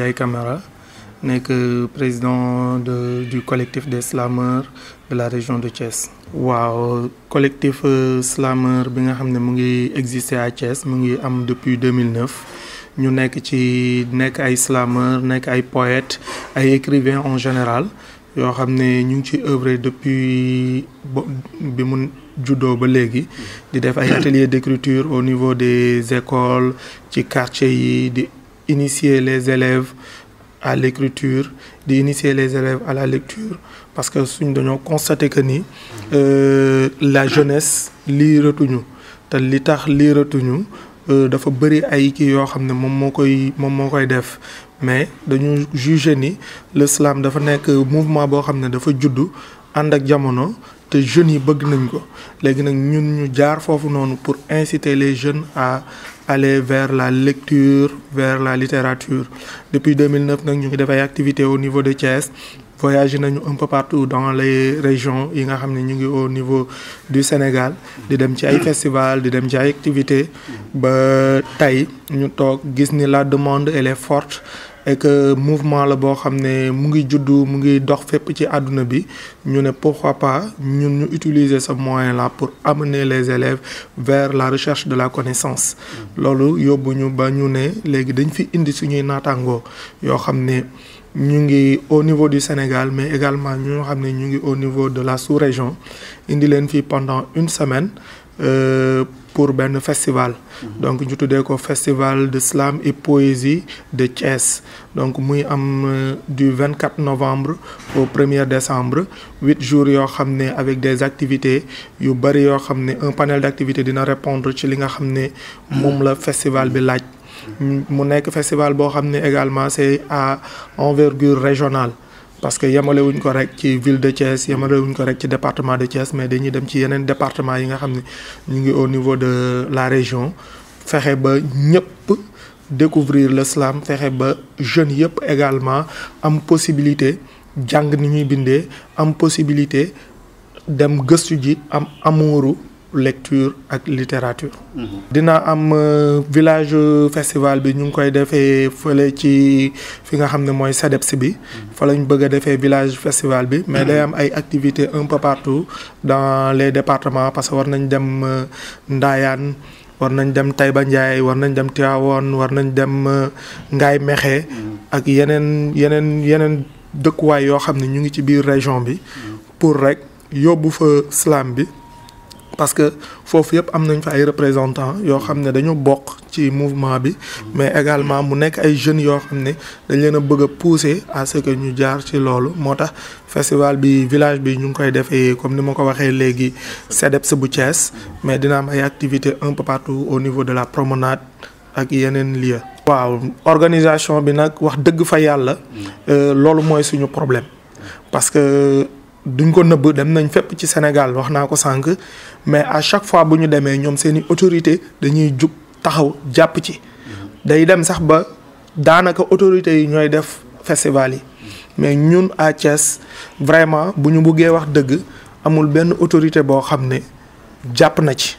Ndiaye Camara nekk président de du collectif des slameurs de la région de Thiès. waaw collectif euh, slameur bi nga xam ne mu ngi exister à Thiès mu ngi am depuis 2009 ñu nekk ci nekk ay slameurs nekk ay poètes ay écrivains en général yoo xam ne ñu ngi ci œuvre depuis bi mu juddoo ba léegi di def ay ateliers d'écriture au niveau des écoles ci quartiers yi di. initier les élèves à l'écriture di initier les élèves à la lecture parce que suñ dañoo constater que ni euh, la jeunesse liiratuñu te li tax liiratuñu euh, dafa bëri ay kii yoo xam ne moom moo koy moom moo koy def mais dañu juger ni l'islam dafa nekk mouvement boo xam ne dafa juddu ànd ak jamono te jeunes yi bëgg nañ ko léegi nag ñun ñu jaar foofu noonu pour inciter les jeunes à aller vers la lecture vers la littérature depuis 2009 nag ñu ngi def ay activités au niveau de Thiès voyagé nañu un peu partout dans les régions yi nga xam ne ñu ngi au niveau du Sénégal di dem ci ay festival di dem ci ay activités ba tey ñu toog gis ni la demande et les fortes et mouvement la boo xam ne mu ngi juddu mu ngi dox fépp ci àdduna bi ñu ne pourquoi pas ñun ñu utiliser ce moyen la pour amener les élèves vers la recherche de la connaissance mm. loolu yóbbu ñu ba ñu ne léegi dañ fi indi suñuy naataangoo yoo xam ne ñu ngi au niveau du Sénégal mais également ñu xam ne ñu ngi au niveau de la sous-région indi leen fii pendant une semaine euh, pour benn festival. Mhm. donc ñu tuddee ko festival de slam et poésie de Thiès donc muy am euh, du 24 novembre au 1er décembre huit jours yoo xam ne avec des activités yu bari yoo xam ne un panel d'activités dina répondre ci li nga xam ne moom la festival bi laaj. Mhm. mu nekk festival boo xam ne également c'est à envergure régional parce que yemale wuñ ko rek ci ville de Thiès yemale wuñ ko rek ci département de Thiès mais dañuy dem ci yeneen département yi nga xam ni ñu ngi au niveau de la région fexe ba ñëpp découvrir l'islam fexe ba jeunes yëpp également am possibilité jàng ni ñuy bindee am possibilité dem gëstu ji am amuuru lecture ak littérature. Mhm. dina am euh, village euh, festival bi ñu ngi koy defee fële ci fi nga xam ne mooy SEDEPS bi. Mhm. fa lañ bëgg a defee village festival bi. mais day am mhm. ay activités un peu partout dans les départements parce que war nañ dem euh, ndaayaan war nañ dem Taïba Ndiaye war nañ dem Tivaouane war nañ dem Ngaye mexe ak yeneen yeneen yeneen dëkkuwaay yoo xam ne ñu ngi ci biir région bi. pour rek yóbbu fa slam bi. parce que foofu yëpp am nañ fa ay représentants yoo xam ne dañu bokk ci mouvement bi mais également mu nekk ay jeunes yoo xam ne dañ leen a bëgg a pousser à ce que ñu jaar ci loolu moo tax festival bi village bi ñu ngi koy defee comme ni ma ko waxee léegi CEDEPS bu Thiès mais dina am ay activités un peu partout au niveau de la promenade ak yeneen lieux. waaw organisation bi nag wax dëgg fa yàlla euh, loolu mooy suñu problème parce duñ ko nëbb dem nañ fépp ci Sénégal wax naa ko sànq mais à chaque fois bu ñu demee ñoom seen i autorité dañuy jug taxaw jàpp ci day dem sax ba daanaka autorités yi ñooy def festival yi mais ñun à Thiès vraiment bu ñu buggee wax dëgg amul benn autorité boo xam ne jàpp na ci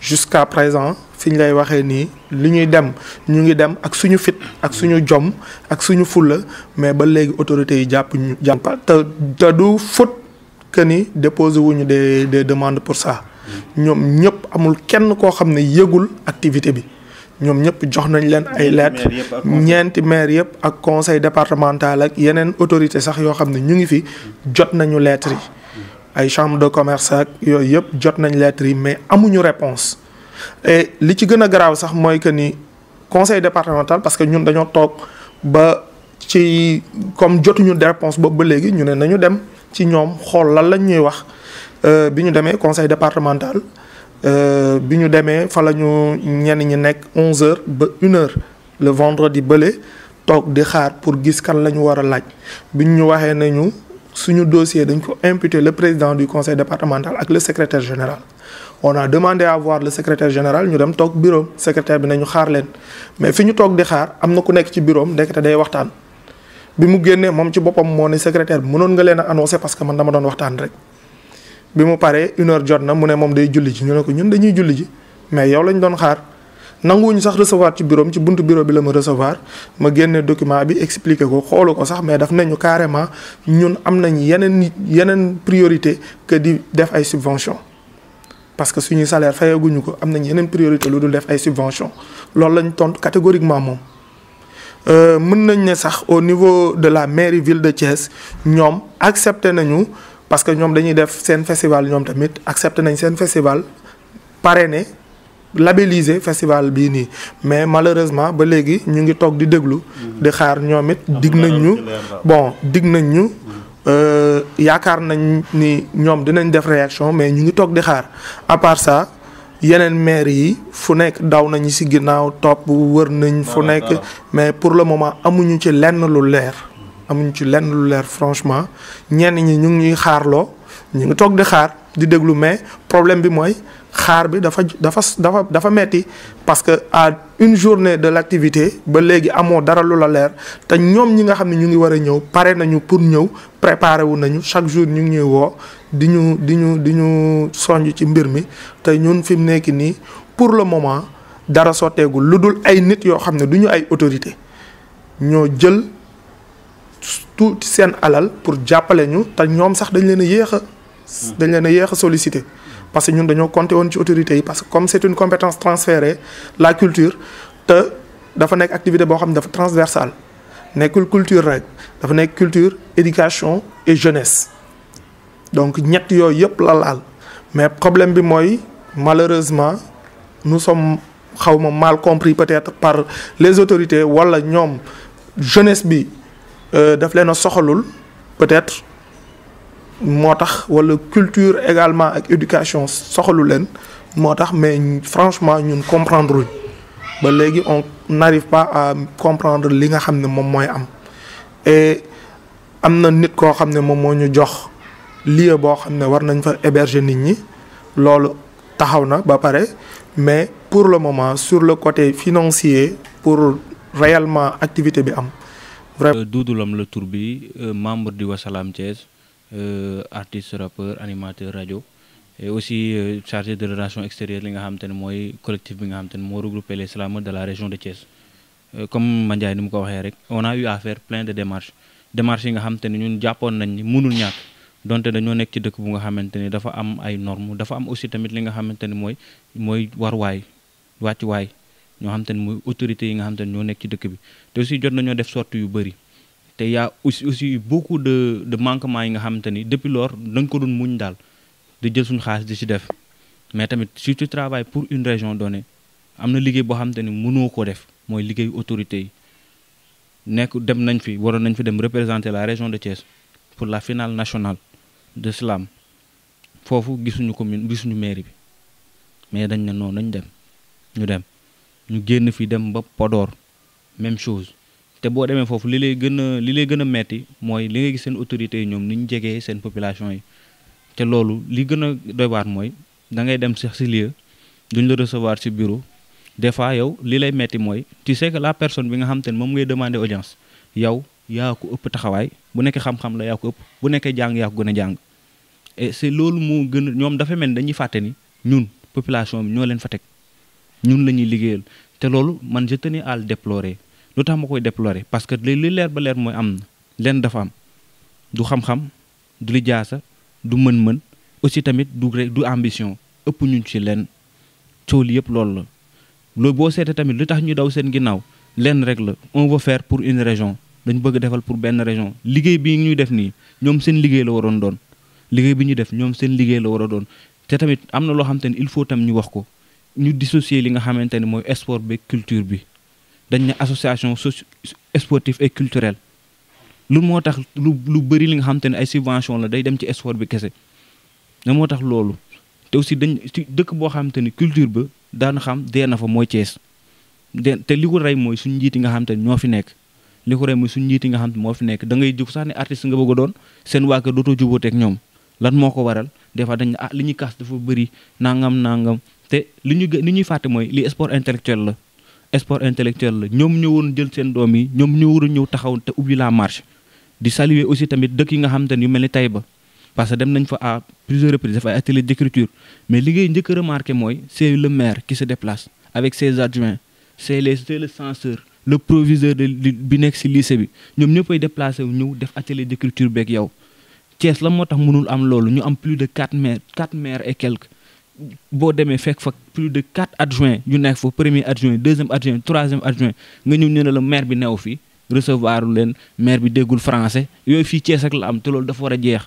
jusqu'à présent fiñ lay waxee nii li ñuy dem ñu ngi dem ak suñu fit ak suñu jom ak suñu fulla mais ba léegi autorités yi jàpp ñu jàpp te du faute que ni déposé wuñu des des demandes pour ça ñoom ñëpp amul kenn koo xam ne yëgul activité bi ñoom ñëpp jox nañ leen ay lettres ñeenti maire yëpp ak conseil départemental ak yeneen autorité sax yoo xam ne ñu ngi fi jot nañu lettres yi ay chambre de commerce ak yooyu yëpp jot nañ lettres yi mais amuñu réponse et li ci gën a garaaw sax mooy que ni conseil départemental parce que ñun dañoo toog ba ci comme jotuñu réponse boobu ba léegi ñu ne nañu dem ci ñoom xool lan lañ ñuy wax euh, bi ñu demee conseil départemental euh, bi ñu demee fa la ñu ñenn ñi nekk onze heures ba une heure le vendredi bële toog di xaar pour gis kan la ñu war a laaj biñ ñu waxee ñu suñu dossier dañ ko imputer le président du conseil départemental ak le secrétaire général on a demandé à voir le général ñu dem toog bureau secrétaire bi nañu xaar leen mais fi ñu toog di xaar am na ku nekk ci bureau am ndekete day waxtaan bi mu génnee moom ci boppam moo ne secrétaire bi mënoon nga leen a annoncé parce que man dama doon waxtaan rek bi mu paree une heure jot na mu ne moom day julli ji ñu ne ko ñun dañuy julli ji mais yow lañ doon xaar ñu sax recevoir ci bureau ci buntu bureau bi la ma recevoir ma génne document bi expliqué ko xoolu ko sax mais daf nañu carrément ñun am nañ yeneen yeneen priorité que di def ay subvention parce que suñuy salaire fayaguñu ko am nañ yeneen priorité lu dul def ay subvention loolu lañ tontu catégoriquement moom euh, mën nañ ne sax au niveau de la mairie ville de Thiès ñoom accepté nañu parce que ñoom dañuy def seen festival ñoom tamit accepté nañ seen festival parrainé labellisé festival bii nii mais malheureusement ba léegi ñu ngi toog di déglu. Mm-hmm. di xaar ñoom it dig nañ ñu. bon dig nañ ñu. Mm-hmm. Euh, yaakaar nañ ni ñoom dinañ def réaction mais ñu ngi toog di xaar à part ça yeneen maire yi fu nekk daw nañu ci ginnaaw topp wër nañ. fu nekk mais pour le moment amuñu ci lenn lu leer. amuñ ci lenn lu leer franchement ñenn ñi ñu ngi ñuy xaarloo ñu ngi toog di xaar di déglu mais problème bi mooy xaar bi dafa dafa dafa dafa metti parce que à une journée de l'activité ba léegi amoo dara lu la leer te ñoom ñi nga xam ne ñu ngi war a ñëw pare nañu pour ñëw préparé wu nañu chaque jour ñu ngi ñuy woo di ñu di ñu di ñu sonj ci mbir mi te ñun fi mu nekk nii pour le moment dara sotteegul lu dul ay nit yoo xam ne du ñu ay autorité ñoo jël. tuuti seen alal pour jàppale ñu te ñoom sax dañ leen a yéex a dañ leen yéex a sollicité parce que ñun dañoo compté woon ci autorités yi parce que comme c'est une compétence transférée la culture te dafa nekk activité boo xam ne dafa transversale nekkul culture rek dafa nekk culture éducation et jeunesse donc ñetti yooyu yëpp la laal mais problème bi mooy malheureusement nous sommes xaw ma mal compris peut-être par les autorités wala ñoom jeunesse bi Euh, daf leen a soxalul peut-être moo tax walla culture également ak éducation soxalu leen moo tax mais franchement ñun comprendre luñ ba léegi on n'arrive pas à comprendre li nga xam ne moom mooy am et am na nit koo xam ne moom moo ñu jox lieu boo xam ne war nañ fa héberger nit ñi loolu taxaw na ba pare mais pour le moment sur le côté financier pour réellement activité bi am vraiment euh, Doudou Lam la tur bi euh, membre du Wassalaam Thiès euh, artiste rappeur animateur rajo et aussi chargé de relations extérieures li nga xam te ne mooy collectif bi nga xam te ne moo regroupé les slameurs de la région de Thiès comme Mandiaye ni mu ko waxee rek on a eu à faire de démarche démarches yi nga xam te ne ñun jàppoon nañ ni mënul ñàkk donte dañoo nekk ci dëkk bu nga xamante ni dafa am ay normes dafa am aussi tamit li nga xamante ni mooy mooy waruwaay wàccuwaay ñoo xam te mooy autorités yi nga xam ne ñoo nekk ci dëkk bi te aussi jot nañoo def sorte yu bari te y'a aussi aussi beaucoup de de manquements yi nga xam te ni depuis lors ko doon muñ daal di jël suñu xaalis di si def mais tamit si tu travailles pour une région donnée am na liggéey boo xam ni mënoo ko def mooy liggéey autorité yi nekk dem nañ fi waroon nañ fi dem représenter la région de Thiès pour la finale nationale de slam foofu gisuñu commune gisuñu mairie bi mais dañ ne noonu nañ dem ñu dem ñu génn fi dem ba podoor même chose te boo demee foofu li lay gën a li lay gën a metti mooy li nga gis seen autorités yi ñoom ni ñu jegee seen population yi te loolu li gën a doy mooy da ngay dem sax si lieu duñ la recevoir si bureau des fois yow li lay metti mooy tu sais que la personne bi nga xam te moom ngay demander audience yow yaa ko ëpp taxawaay bu nekkee xam la yaa ko ëpp bu nekkee jàng yaa ko gën a jàng et loolu moo gën ñoom dafa mel ni dañuy fàtte ni ñun population bi ñoo leen fa teg ñun la ñuy liggéeyal te loolu man je tenais à le lu tax ma koy déplorer parce que li leer ba leer mooy am na leen dafa am du xam-xam du li jaasa du mën-mën aussi tamit du du ambition ëpp ñun ci leen coow li loolu la loolu boo seete tamit lu tax ñu daw seen ginnaaw leen rek la on veut pour une région dañu bëgg defal pour benn région liggéey bi ñuy def nii ñoom seen liggéey la waroon doon liggéey bi ñu def ñoom seen liggéey la war a doon te tamit na loo xam te il faut tam ñu wax ko ñu dissocier li nga xamante ne mooy sport bi culture bi dañ ne association socio sportive et lu moo tax lu lu bëri li nga xamante ne ay subvention la day dem ci sport bi kese na moo tax loolu te aussi dañ ci dëkk boo xamante ni culture ba daan xam dee na fa mooy Thiès de te li ko rey mooy suñ njiit yi nga xamante ne ñoo fi nekk li ko rey mooy suñu njiit nga xam ne moo fi nekk da ngay jóg sax ne artiste nga bëgg a doon seen waa kër dootoo jubóoteeg ñoom lan moo ko waral des fois dañ ne ah li ñu kaas dafa bëri nangam nangam te li ñu li ñuy fàtte mooy li sport intellectuel la sport intellectuel la ñoom ñëwoon jël seen doom yi ñoom ñoo war a ñëw taxaw te ubbi la marche di saluer aussi tamit dëkk yi nga xam te ne yu mel ni ba parce que dem nañ fa à plusieurs reprises fa ay atelier d'écriture mais liggéey ngay njëkk a remarqué mooy c'est le maire ki se déplace avec ses adjoints c'est les c'est le censeur le proviseur de bi nekk ci lycée bi ñoom ñëppay déplacé wu ñëw def atelier d'écriture beeg yow Thiès la moo tax mënul am loolu ñu am plus de quatre maires quatre maires et quelques boo demee fekk fa plus de quatre adjoints yu nekk fa premier adjoint deuxième adjoint troisième adjoint nga ñëw ñu ne la maire bi new fii recevoir leen maire bi déggul français yooyu fii Thiès ak la am te loolu dafa war a jeex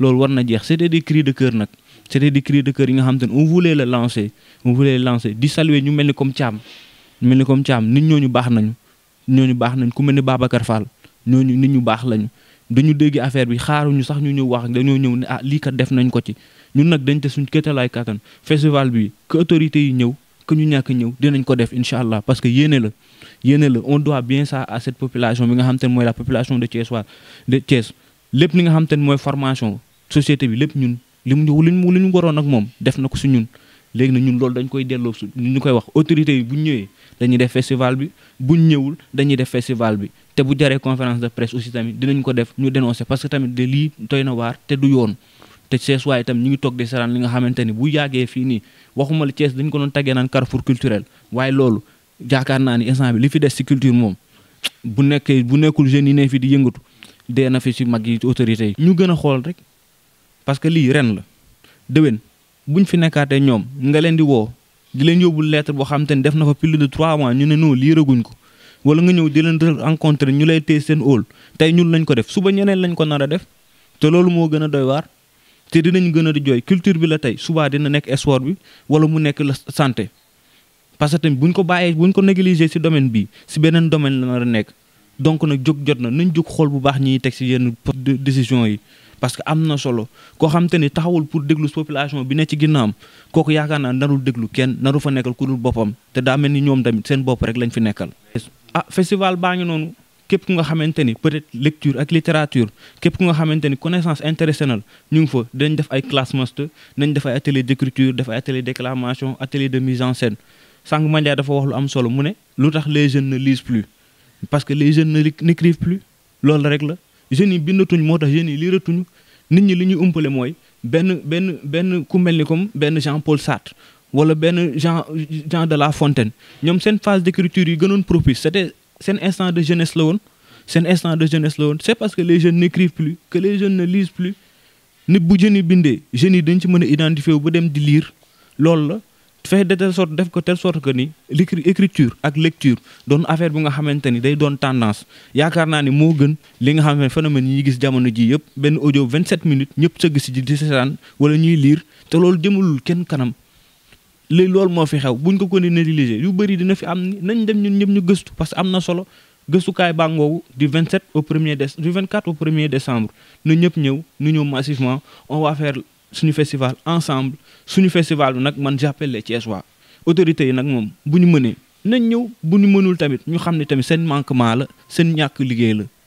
loolu war na jeex c'était des cris de cœur nag c'était des cris de cœur yi nga xam te ne on voulait le lancer on voulait le lancer di saluer ñu mel ni comme Thiam ñu mel ni comme Thiam nit ñoo ñu baax nañu ñooñu baax nañ ku mel ni Babacar Fall ñooñu nit ñu baax lañu dañu dégg affaire bi xaaruñu sax ñu ñëw wax dañoo ñëw ne ah lii nañ ko ci ñun nag dañ te suñ këtalaay kàttan festival bi que autorité yi ñëw que ñu ñàkk ñëw dinañ ko def incha allah parce que yéene la yéene la on doit bien ça à cette population bi nga xam te ne mooy la population de Thiès waa de li nga xam ne mooy formation société bi lépp ñun li mu li mu li ñu waroon nag moom def na ko si ñun léegi na ñun loolu dañ koy delloo su ñu koy wax autorité yi bu ñu ñëwee dañuy def festival bi buñ ñëwul dañuy def festival bi te bu jaree conférence de presse aussi tamit dinañ ko def ñu dénoncer parce que tamit de lii doy te du yoon te Cees waaye itam ñu ngi toog di saraan li nga xamante ni bu yàggee fii nii waxuma la Cees dañ ko doon tagee naan carrefour culturel waaye loolu jaakaar naa ni instant bi li fi des ci culture moom bu nekkee bu nekkul jeunes yi ne fi di yëngatu dee na fi ci mag yi autorités yi. ñu gën a xool rek parce que lii ren la déwén buñ fi nekkaatee ñoom nga leen di woo di leen yóbbul lettre boo xam te def na fa plus de trois mois ñu ne non lii raguñ ko wala nga ñëw di leen rencontré ñu lay téye seen óol tey ñun lañ ko def suba ñeneen lañ ko nar a def te loolu moo gën a doy waar. te dinañ gën a di jooy culture bi la tey suba dina nekk sport bi wala mu nekk la santé parce que tamit bu ko bàyyee bu ñu ko négliger ci domaine bi ci beneen domaine la nar a nekk donc nag jóg jot na nañ jóg xool bu baax ñiy teg ci yenn décision yi parce que am na solo koo xam te ni taxawul pour déglu population bi ne ci ginnaawam kooku yaakaar naa narul déglu kenn naru fa nekkal ku dul boppam te daa mel ni ñoom tamit seen bopp rek lañ fi nekkal. ah képp ku nga xamante ni peut-être lecture ak littérature képp ku nga xamante ni connaissance internationale ñu fa dañ def ay classe master nañ def ay atelier d'écriture def ay atelier déclamation atelier de mise en scène sànq Mandiaye dafa wax lu am solo mu ne lu tax les jeunes ne lisent plus parce que les jeunes ne n'écrivent plus loolu yi bindatuñ moo tax jeunes yi liiratuñu nit ñi li ñuy umpale mooy benn benn benn ku mel ni comme benn Jean-Paul Sartre wala benn Jean Jean de La Fontaine ñoom seen phase d'écriture seen instant de jeunesse la woon seen instant de jeunesse la woon c'est parce que les jeunes n'écrivent plus que les jeunes ne lisent plus nit bu jeunes yi bindee jeunes yi dañ ci mën a identifier wu ba dem di lire loolu la fexe de telle def ko telle sorte que ni l'écriture ak lecture doon affaire bu nga xamante ni day doon tendance yaakaar naa ni moo gën li nga xam ne phénomène yi gis jamono ji yëpp benn ojo audio 27 minutes ñëpp sëgg si di seetaan wala ñuy lire te loolu jëmalul kenn kanam léegi loolu moo fi xew buñ ko ko ne négliger yu bëri dina fi am nañ dem ñun ñëpp ñu gëstu parce que am na solo gëstukaay bàngoogu du 27 au premier des du 24 au premier décembre na ñëpp ñëw nu ñëw massivement on affaire faire suñu festival ensemble suñu festival bi nag man j'appelle les Thiessois autorités yi nag moom bu ñu mënee nañ ñëw bu ñu mënul tamit ñu xam ne tamit seen manquement la seen ñàkk liggéey la